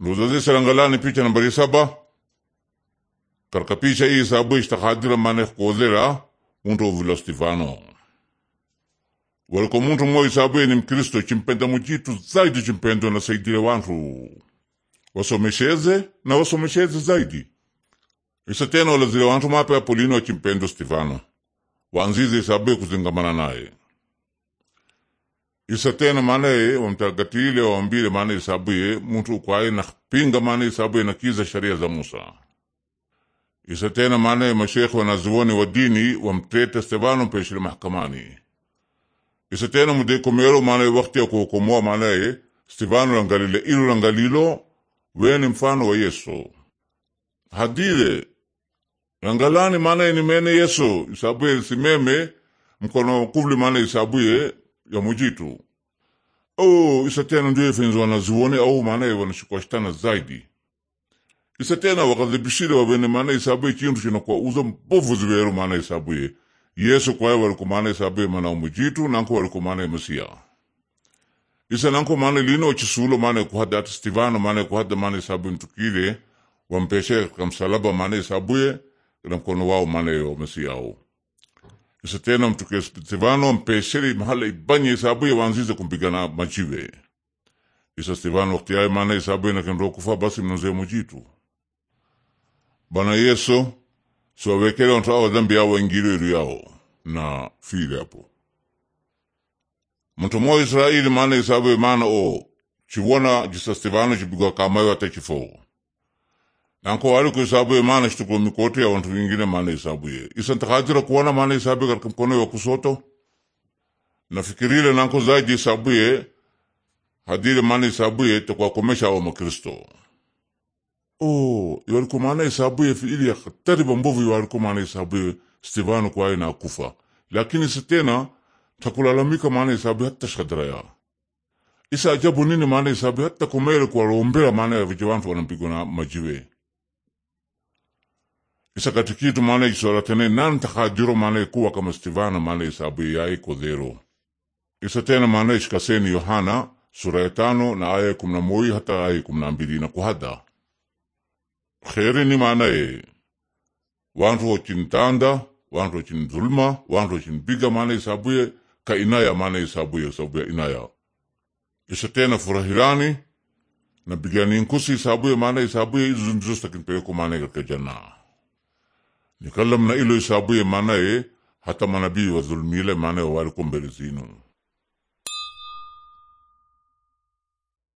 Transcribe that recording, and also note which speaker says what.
Speaker 1: Muzazir sarangalani picha nambari saba picha isa sabu istakadira mane kodera muntu ovula Stefano waliko muntu moyo isabu ni mkristo chimpenda mujitu zaidi chimpendo na saidire wantu wasomesheze na wasomesheze zaidi isa tena walazire wantu mapya apolino chimpendo Stefano wanzize isabu kuzingamana naye isa tena maanaye wamtakati ile mana maana isabuye muntu ukwaye nakpinga maana isabuye kiza sharia za Musa isa tena maanaye mashekhe wanazuoni wa dini wamteta Stefano mpeshile mahkamani isa tena mudekomero maanaye wakti ya stevano maanaye Stefano langalile ilu langalilo weni mfano wa Yesu hadile langalani ni nimene Yesu isabuye simeme mkono kuvli maana isabuye ya mujitu oh, isa tena ndio ifenzoanaziwone au maanaye wanashikoshitana zaidi isa tena wakadhibishile wavene maana isabuye chintu chinakauza mpovu ziwero maana isabuye yesu kwaye waliku maana isabuye mana umujitu nanko waliku maana mesia isa nanko maana lino chisulo maana kuhada hata stivano maana kuhada maana isabuye mtukile wampeshe kamsalaba maana isabuye na mkono wao maana yo mesia ao tena mtuke Stefano mpeseri mahala ibanye ya wanzize kumpigana machive isa Stefano wakati mana maana ya nakendo kufa basi mnozee mujitu bana Yesu siwawekele wantu awa dhambi yao waingilio ilu yao na file hapo mtu mo Israeli maana ya maana o chiwona jisa Stefano chibigwa kamayo hata chifoo anko aliko isabuye maana shituko mikoto ya wantu wingine maana isabuye ntakajira kuona maana isabuye katika mkono wa kusoto nafikirile nanko zaidi isabuye hadile maana isabuye takwakomesha wa makristo oh yaliku maana isabuye fiili ya hatari bambuvu yaliku maana isabuye stivano kwa na kufa lakini sitena takulalamika maana isabuye hata shadraya isa ajabu nini maana isabuye hata kwa kuwalombela maana ya vijewantu wanampigwa na majiwe isakati kitu male isoratene nan takadiro male kuwa kama Stefana male isabu yai kodero isatena male iskaseni Yohana sura ya tano na aya kumi na moja hata aya kumi na mbili na kuhada kheri ni manaye wantu wochinitanda wantu wochinidhuluma wantu wochinpiga mane isabuye ka inaya mane isabuye sabuya inaya isatena furahirani na biganiinkusi isabuye mane isabuye izunzustakinpeko mane katika janna ni na ilo isabuye manaye hata manabii wadhulumile manaye waliku mbele zinu